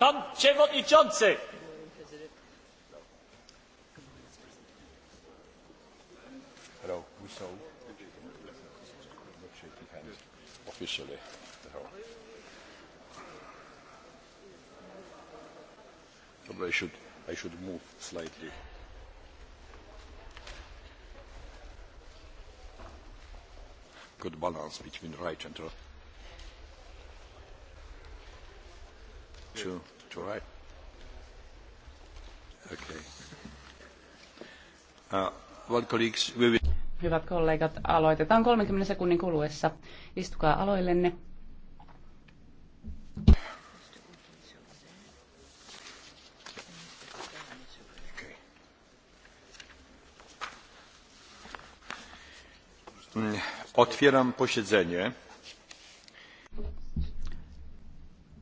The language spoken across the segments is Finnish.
Pan przewodniczący! Hello, we officially. Probably I should, I should move slightly. Good balance between right and left. to, to write. Okay. Uh, well, colleagues, we will... Hyvät kollegat, aloitetaan 30 sekunnin kuluessa. Istukaa aloillenne. Mm, otwieram posiedzenie.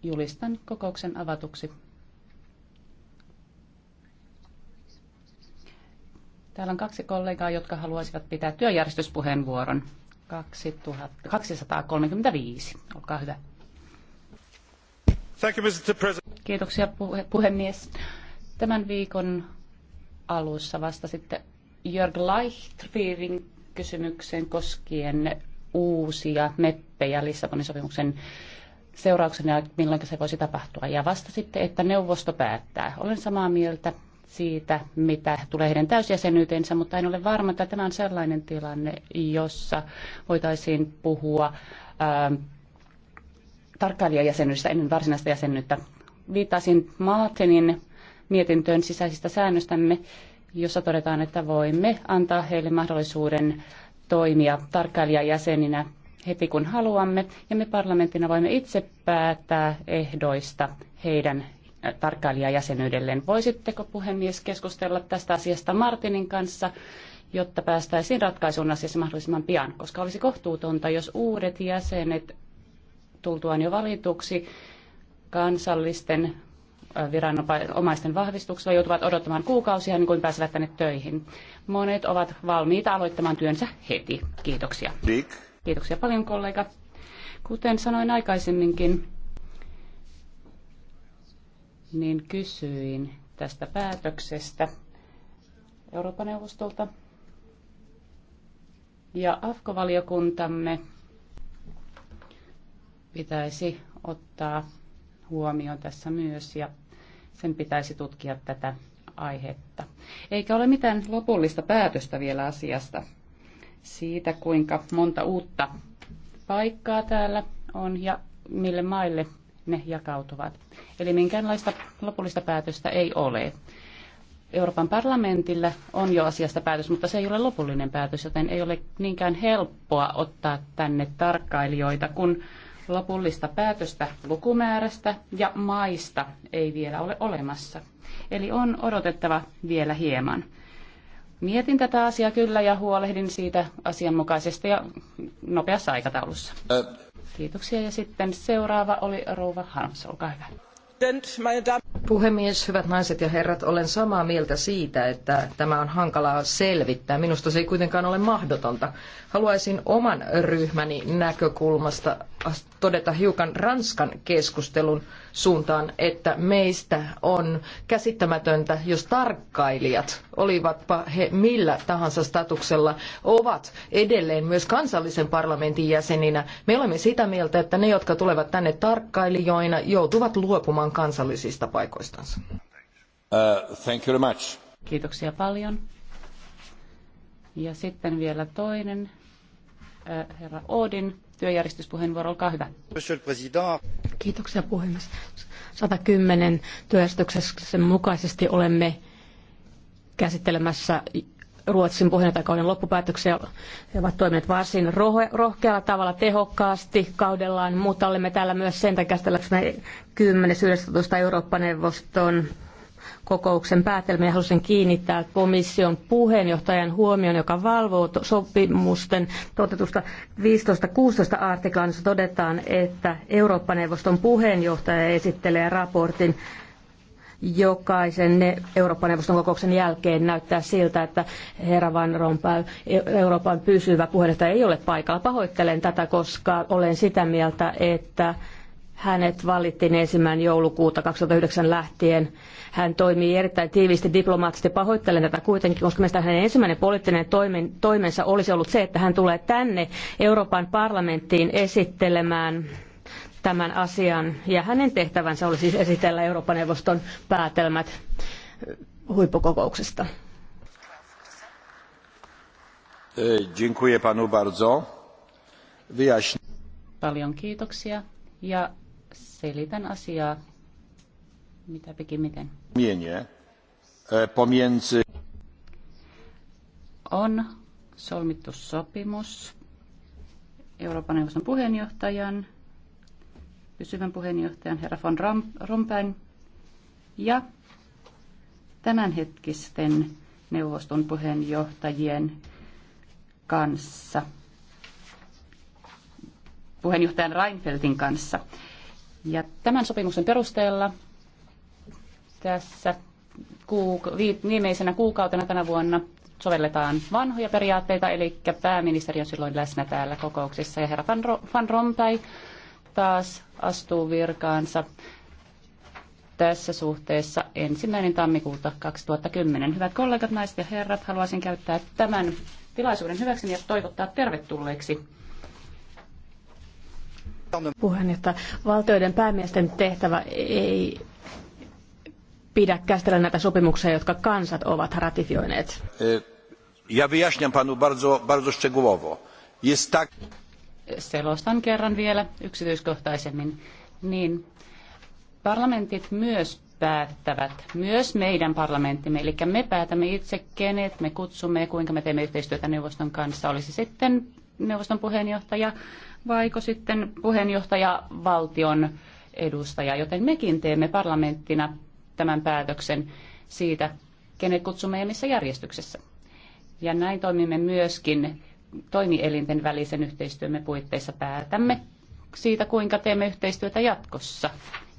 Julistan kokouksen avatuksi. Täällä on kaksi kollegaa, jotka haluaisivat pitää työjärjestyspuheenvuoron. 235. Olkaa hyvä. Thank you, Mr. President. Kiitoksia puhe- puhemies. Tämän viikon alussa vastasitte Jörg Leichtfriedin kysymykseen koskien uusia meppejä Lissabonin sopimuksen seurauksena, milloin se voisi tapahtua. Ja vastasitte, että neuvosto päättää. Olen samaa mieltä siitä, mitä tulee heidän täysjäsenyytensä, mutta en ole varma, että tämä on sellainen tilanne, jossa voitaisiin puhua ähm, tarkkailijajäsenyydestä ennen varsinaista jäsenyyttä. Viittasin Maatenin mietintöön sisäisistä säännöstämme, jossa todetaan, että voimme antaa heille mahdollisuuden toimia tarkkailijajäseninä heti kun haluamme, ja me parlamenttina voimme itse päättää ehdoista heidän äh, tarkkailijajäsenyydelleen. Voisitteko puhemies keskustella tästä asiasta Martinin kanssa, jotta päästäisiin ratkaisuun asiassa mahdollisimman pian, koska olisi kohtuutonta, jos uudet jäsenet tultuaan jo valituksi kansallisten äh, viranomaisten vahvistuksella joutuvat odottamaan kuukausia, niin kuin pääsevät tänne töihin. Monet ovat valmiita aloittamaan työnsä heti. Kiitoksia. Dick. Kiitoksia paljon kollega. Kuten sanoin aikaisemminkin, niin kysyin tästä päätöksestä Euroopan neuvostolta. Ja AFKO-valiokuntamme pitäisi ottaa huomioon tässä myös ja sen pitäisi tutkia tätä aihetta. Eikä ole mitään lopullista päätöstä vielä asiasta, siitä, kuinka monta uutta paikkaa täällä on ja mille maille ne jakautuvat. Eli minkäänlaista lopullista päätöstä ei ole. Euroopan parlamentilla on jo asiasta päätös, mutta se ei ole lopullinen päätös, joten ei ole niinkään helppoa ottaa tänne tarkkailijoita, kun lopullista päätöstä lukumäärästä ja maista ei vielä ole olemassa. Eli on odotettava vielä hieman. Mietin tätä asiaa kyllä ja huolehdin siitä asianmukaisesti ja nopeassa aikataulussa. Kiitoksia ja sitten seuraava oli Rouva Harms, olkaa hyvä. Puhemies, hyvät naiset ja herrat, olen samaa mieltä siitä, että tämä on hankalaa selvittää. Minusta se ei kuitenkaan ole mahdotonta. Haluaisin oman ryhmäni näkökulmasta todeta hiukan Ranskan keskustelun suuntaan, että meistä on käsittämätöntä, jos tarkkailijat, olivatpa he millä tahansa statuksella, ovat edelleen myös kansallisen parlamentin jäseninä. Me olemme sitä mieltä, että ne, jotka tulevat tänne tarkkailijoina, joutuvat luopumaan nimenomaan kansallisista paikoistansa. Uh, thank you very much. Kiitoksia paljon. Ja sitten vielä toinen, uh, herra Oodin työjärjestyspuheenvuoro, olkaa hyvä. Kiitoksia puhemies. 110 työjärjestyksen mukaisesti olemme käsittelemässä Ruotsin puheenjohtajakauden loppupäätöksiä. He ovat toimineet varsin rohkealla tavalla tehokkaasti kaudellaan, mutta olemme täällä myös sen takia käsitelläksemme 10.11. Eurooppa-neuvoston kokouksen päätelmiä halusin kiinnittää komission puheenjohtajan huomion, joka valvoo sopimusten toteutusta 15.16 artiklaan, jossa todetaan, että Eurooppa-neuvoston puheenjohtaja esittelee raportin jokaisen Euroopan neuvoston kokouksen jälkeen näyttää siltä, että herra Van Rompuy, Euroopan pysyvä puheenjohtaja ei ole paikalla. Pahoittelen tätä, koska olen sitä mieltä, että hänet valittiin ensimmäinen joulukuuta 2009 lähtien. Hän toimii erittäin tiiviisti diplomaattisesti. Pahoittelen tätä kuitenkin, koska mielestäni hänen ensimmäinen poliittinen toimen, toimensa olisi ollut se, että hän tulee tänne Euroopan parlamenttiin esittelemään tämän asian ja hänen tehtävänsä oli siis esitellä Euroopan neuvoston päätelmät huippukokouksesta. Dziękuję panu bardzo. Wyjaśnię. Paljon kiitoksia ja selitän asiaa mitä pikimmiten. Mienie e, pomiędzy on solmittu sopimus Euroopan neuvoston puheenjohtajan pysyvän puheenjohtajan herra von Rompäin ja tämänhetkisten neuvoston puheenjohtajien kanssa, puheenjohtajan Reinfeldin kanssa. Ja tämän sopimuksen perusteella tässä viimeisenä kuukautena tänä vuonna sovelletaan vanhoja periaatteita, eli pääministeri on silloin läsnä täällä kokouksissa ja herra Van, Van Rompuy taas astuu virkaansa tässä suhteessa ensimmäinen tammikuuta 2010. Hyvät kollegat, naiset ja herrat, haluaisin käyttää tämän tilaisuuden hyväkseni ja toivottaa tervetulleeksi puheenjohtaja. Valtioiden päämiesten tehtävä ei pidä käsitellä näitä sopimuksia, jotka kansat ovat ratifioineet. Ja panu bardzo, bardzo szczegółowo. Jest tak selostan kerran vielä yksityiskohtaisemmin, niin parlamentit myös päättävät, myös meidän parlamenttimme, eli me päätämme itse kenet me kutsumme ja kuinka me teemme yhteistyötä neuvoston kanssa, olisi sitten neuvoston puheenjohtaja vaiko sitten puheenjohtaja valtion edustaja, joten mekin teemme parlamenttina tämän päätöksen siitä, kenet kutsumme ja missä järjestyksessä. Ja näin toimimme myöskin toimielinten välisen yhteistyömme puitteissa päätämme siitä, kuinka teemme yhteistyötä jatkossa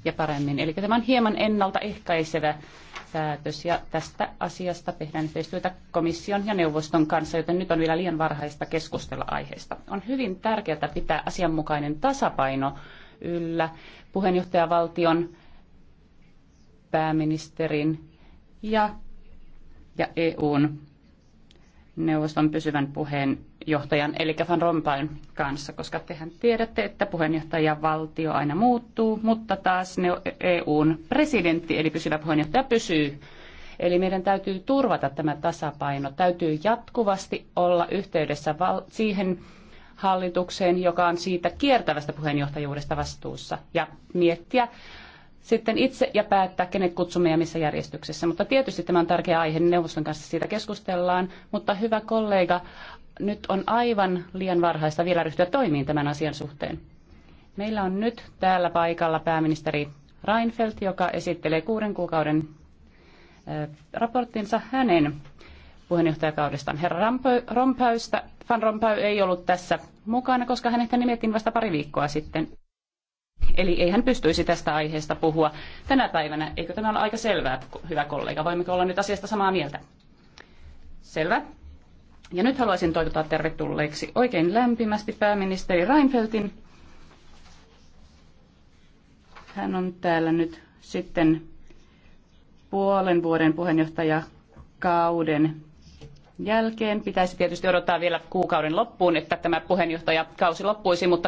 ja paremmin. Eli tämä on hieman ennaltaehkäisevä päätös ja tästä asiasta tehdään yhteistyötä komission ja neuvoston kanssa, joten nyt on vielä liian varhaista keskustella aiheesta. On hyvin tärkeää pitää asianmukainen tasapaino yllä puheenjohtajavaltion, pääministerin ja, ja EUn neuvoston pysyvän puheen johtajan, eli Van Rompuyn kanssa, koska tehän tiedätte, että puheenjohtajan valtio aina muuttuu, mutta taas ne EUn presidentti, eli pysyvä puheenjohtaja, pysyy. Eli meidän täytyy turvata tämä tasapaino, täytyy jatkuvasti olla yhteydessä siihen hallitukseen, joka on siitä kiertävästä puheenjohtajuudesta vastuussa, ja miettiä sitten itse ja päättää, kenet kutsumme ja missä järjestyksessä. Mutta tietysti tämä on tärkeä aihe, niin neuvoston kanssa siitä keskustellaan. Mutta hyvä kollega, nyt on aivan liian varhaista vielä ryhtyä toimiin tämän asian suhteen. Meillä on nyt täällä paikalla pääministeri Reinfeldt, joka esittelee kuuden kuukauden raporttinsa hänen puheenjohtajakaudestaan. Herra Rompäystä Van Rompäy ei ollut tässä mukana, koska hänet nimettiin vasta pari viikkoa sitten. Eli ei hän pystyisi tästä aiheesta puhua tänä päivänä. Eikö tämä ole aika selvää, hyvä kollega? Voimmeko olla nyt asiasta samaa mieltä? Selvä. Ja nyt haluaisin toivottaa tervetulleeksi oikein lämpimästi pääministeri Reinfeldtin. Hän on täällä nyt sitten puolen vuoden puheenjohtajakauden jälkeen. Pitäisi tietysti odottaa vielä kuukauden loppuun, että tämä puheenjohtajakausi loppuisi, mutta